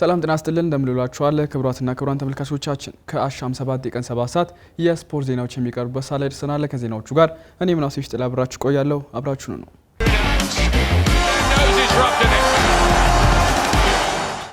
ሰላም ጤና ስጥልን፣ እንደምንላችኋል ክቡራትና ክቡራን ተመልካቾቻችን ከአሻም 7 የቀን 7 ሰዓት የስፖርት ዜናዎች የሚቀርቡበት ሰዓት ላይ ከዜናዎቹ ጋር እኔ ምናሴሽ ሽጥላ አብራችሁ ቆያለሁ። አብራችሁን ነው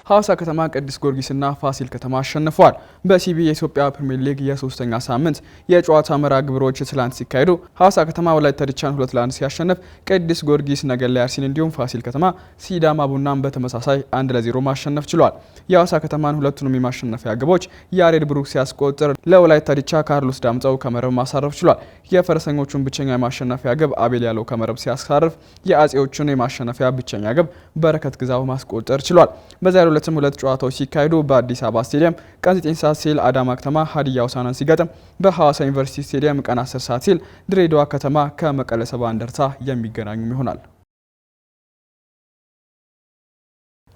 ሐዋሳ ከተማ ቅዱስ ጊዮርጊስና ፋሲል ከተማ አሸንፈዋል። በሲቢ የኢትዮጵያ ፕሪሚየር ሊግ የሶስተኛ ሳምንት የጨዋታ መራ ግብሮች ትላንት ሲካሄዱ ሐዋሳ ከተማ ወላይታ ዲቻን ሁለት ለአንድ ሲያሸንፍ፣ ቅዱስ ጊዮርጊስ ነገሌ አርሲን እንዲሁም ፋሲል ከተማ ሲዳማ ቡናን በተመሳሳይ አንድ ለዜሮ ማሸነፍ ችሏል። የሐዋሳ ከተማን ሁለቱንም የማሸነፊያ ግቦች ያሬድ ብሩክ ሲያስቆጥር፣ ለወላይታ ዲቻ ካርሎስ ዳምጠው ከመረብ ማሳረፍ ችሏል። የፈረሰኞቹን ብቸኛ የማሸነፊያ ግብ አቤል ያለው ከመረብ ሲያሳርፍ፣ የአጼዎቹን የማሸነፊያ ብቸኛ ግብ በረከት ግዛው ማስቆጠር ችሏል። በዛሬው ዕለትም ሁለት ጨዋታዎች ሲካሄዱ በአዲስ አበባ ስቴዲየም ቀን 9 ሰዓት ሲል አዳማ ከተማ ሀዲያ ሆሳዕናን ሲገጥም፣ በሐዋሳ ዩኒቨርሲቲ ስቴዲየም ቀን 10 ሰዓት ሲል ድሬዳዋ ከተማ ከመቀለ ሰባ እንደርታ የሚገናኙም ይሆናል።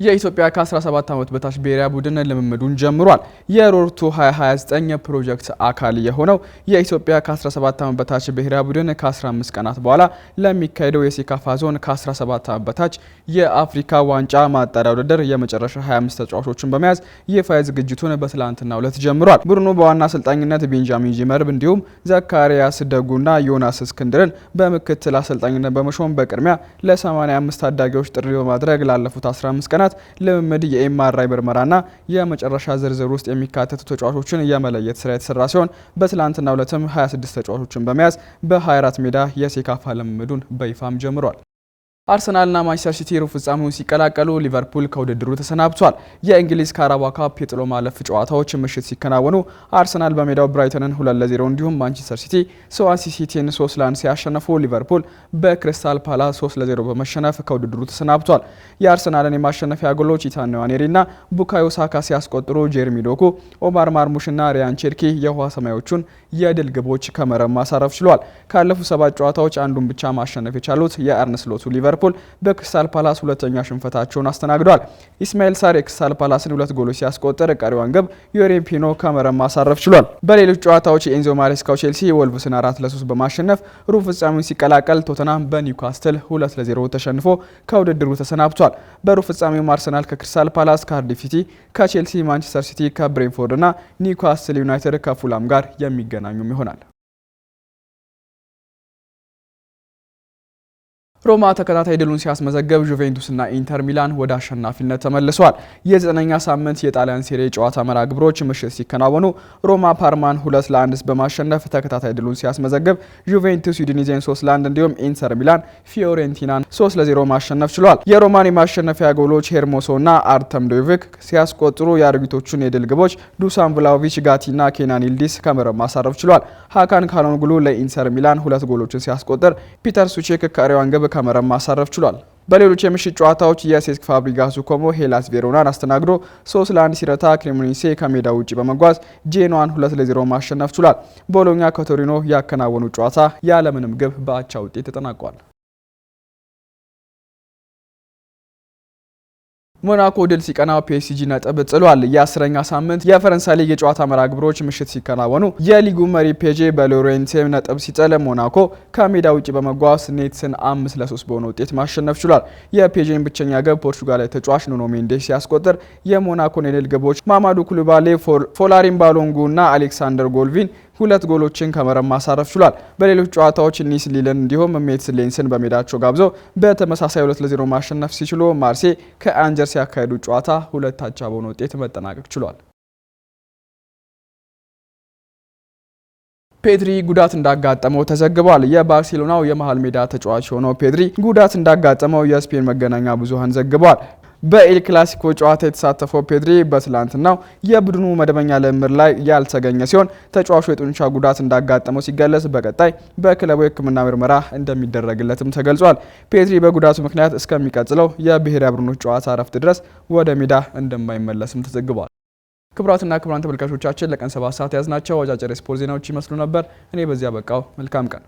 የኢትዮጵያ ከ17 ዓመት በታች ብሔራዊ ቡድን ልምምዱን ጀምሯል። የሮርቱ 2029 ፕሮጀክት አካል የሆነው የኢትዮጵያ ከ17 ዓመት በታች ብሔራዊ ቡድን ከ15 ቀናት በኋላ ለሚካሄደው የሴካፋ ዞን ከ17 ዓመት በታች የአፍሪካ ዋንጫ ማጣሪያ ውድድር የመጨረሻ 25 ተጫዋቾችን በመያዝ ይፋ ዝግጅቱን በትላንትናው ዕለት ጀምሯል። ቡድኑ በዋና አሰልጣኝነት ቤንጃሚን ጂመርብ እንዲሁም ዘካሪያስ ደጉና ዮናስ እስክንድርን በምክትል አሰልጣኝነት በመሾም በቅድሚያ ለ85 ታዳጊዎች ጥሪ በማድረግ ላለፉት 15 ቀናት ጥናት ልምምድ፣ የኤምአርአይ ምርመራና የመጨረሻ ዝርዝር ውስጥ የሚካተቱ ተጫዋቾችን የመለየት ስራ የተሰራ ሲሆን በትላንትና ሁለትም 26 ተጫዋቾችን በመያዝ በ24 ሜዳ የሴካፋ ልምምዱን በይፋም ጀምሯል። አርሰናልና ማንቸስተር ሲቲ ሩብ ፍጻሜውን ሲቀላቀሉ ሊቨርፑል ከውድድሩ ተሰናብቷል። የእንግሊዝ ካራባ ካፕ የጥሎ ማለፍ ጨዋታዎች ምሽት ሲከናወኑ አርሰናል በሜዳው ብራይተንን 2 ለ እንዲሁም ማንቸስተር ሲቲ ስዋንሲ ሲቲን 3 ለ ሲያሸነፉ ሊቨርፑል በክሪስታል ፓላስ 3 ለ በመሸነፍ ከውድድሩ ተሰናብቷል። የአርሰናልን የማሸነፊያ ጎሎች ኢታን ንዋኔሪና ቡካዮ ሳካ ሲያስቆጥሩ ጄርሚ ዶኩ፣ ኦማር ማርሙሽና ሪያን ቼርኪ የውሃ ሰማዮቹን የድል ግቦች ከመረብ ማሳረፍ ችሏል። ካለፉት ሰባት ጨዋታዎች አንዱን ብቻ ማሸነፍ የቻሉት የአርነ ስሎቱ ሊቨርፑል ሊቨርፑል በክሪስታል ፓላስ ሁለተኛ ሽንፈታቸውን አስተናግዷል። ኢስማኤል ሳር የክሪስታል ፓላስን ሁለት ጎሎች ሲያስቆጥር ቀሪዋን ግብ ዩሬን ፒኖ ከመረብ ማሳረፍ ችሏል። በሌሎች ጨዋታዎች የኤንዞ ማሬስካው ቼልሲ ወልቭስን አራት ለሶስት በማሸነፍ ሩብ ፍጻሜውን ሲቀላቀል፣ ቶተናም በኒውካስትል ሁለት ለዜሮ ተሸንፎ ከውድድሩ ተሰናብቷል። በሩብ ፍጻሜው አርሰናል ከክሪስታል ፓላስ፣ ካርዲፍ ሲቲ ከቼልሲ፣ ማንቸስተር ሲቲ ከብሬንፎርድ እና ኒውካስትል ዩናይትድ ከፉላም ጋር የሚገናኙም ይሆናል። ሮማ ተከታታይ ድሉን ሲያስመዘገብ ጁቬንቱስና ኢንተር ሚላን ወደ አሸናፊነት ተመልሰዋል። የዘጠነኛ ሳምንት የጣሊያን ሴሬ ጨዋታ መራ ግብሮች ምሽት ሲከናወኑ ሮማ ፓርማን ሁለት ለአንድስ በማሸነፍ ተከታታይ ድሉን ሲያስመዘግብ ጁቬንቱስ ዩዲኒዜን ሶስት ለአንድ እንዲሁም ኢንተር ሚላን ፊዮሬንቲናን ሶስት ለዜሮ ማሸነፍ ችሏል። የሮማን የማሸነፊያ ጎሎች ሄርሞሶና አርተም ዶቪክ ሲያስቆጥሩ የአርቢቶቹን የድል ግቦች ዱሳን ቭላሆቪች፣ ጋቲና ኬናን ይልዲዝ ከመረብ ማሳረፍ ችሏል። ሀካን ካሎንግሉ ለኢንተር ሚላን ሁለት ጎሎችን ሲያስቆጥር ፒተር ሱቼክ ከሪዋን ግብ ከመረብ ማሳረፍ ችሏል። በሌሎች የምሽት ጨዋታዎች የሴስክ ፋብሪጋሱ ኮሞ ሄላስ ቬሮናን አስተናግዶ 3 ለ1 ሲረታ፣ ክሬሞኔሴ ከሜዳ ውጭ በመጓዝ ጄኗን 2 ለ0 ማሸነፍ ችሏል። ቦሎኛ ከቶሪኖ ያከናወኑ ጨዋታ ያለምንም ግብ በአቻ ውጤት ተጠናቋል። ሞናኮ ድል ሲቀናው ፒኤስጂ ነጥብ ጥሏል። የአስረኛ ሳምንት የፈረንሳይ ሊግ የጨዋታ መርሃ ግብሮች ምሽት ሲከናወኑ የሊጉ መሪ ፔጄ በሎሬንቴም ነጥብ ሲጥል ሞናኮ ከሜዳ ውጭ በመጓዝ ኔትስን አምስት ለሶስት በሆነ ውጤት ማሸነፍ ችሏል። የፔጄን ብቸኛ ግብ ፖርቹጋላዊ ተጫዋች ኑኖ ሜንዴስ ሲያስቆጥር የሞናኮን የድል ግቦች ማማዱ ኩሉባሌ፣ ፎላሪን ባሎንጉ እና አሌክሳንደር ጎልቪን ሁለት ጎሎችን ከመረብ ማሳረፍ ችሏል። በሌሎች ጨዋታዎች ኒስ ሊልን እንዲሁም ሜትስ ሌንስን በሜዳቸው ጋብዘው በተመሳሳይ ሁለት ለዜሮ ማሸነፍ ሲችሉ ማርሴ ከአንጀርስ ያካሄዱ ጨዋታ ሁለት አቻ በሆነ ውጤት መጠናቀቅ ችሏል። ፔድሪ ጉዳት እንዳጋጠመው ተዘግቧል። የባርሴሎናው የመሃል ሜዳ ተጫዋች የሆነው ፔድሪ ጉዳት እንዳጋጠመው የስፔን መገናኛ ብዙሃን ዘግቧል። በኤል ክላሲኮ ጨዋታ የተሳተፈው ፔድሪ በትላንትናው የቡድኑ መደበኛ ልምምድ ላይ ያልተገኘ ሲሆን ተጫዋቹ የጡንቻ ጉዳት እንዳጋጠመው ሲገለጽ በቀጣይ በክለቡ የሕክምና ምርመራ እንደሚደረግለትም ተገልጿል። ፔድሪ በጉዳቱ ምክንያት እስከሚቀጥለው የብሔራዊ ቡድኖች ጨዋታ እረፍት ድረስ ወደ ሜዳ እንደማይመለስም ተዘግቧል። ክቡራትና ክቡራን ተመልካቾቻችን ለቀን ሰባት ሰዓት ያዝናቸው አጫጭር ስፖርት ዜናዎች ይመስሉ ነበር። እኔ በዚያ በቃው። መልካም ቀን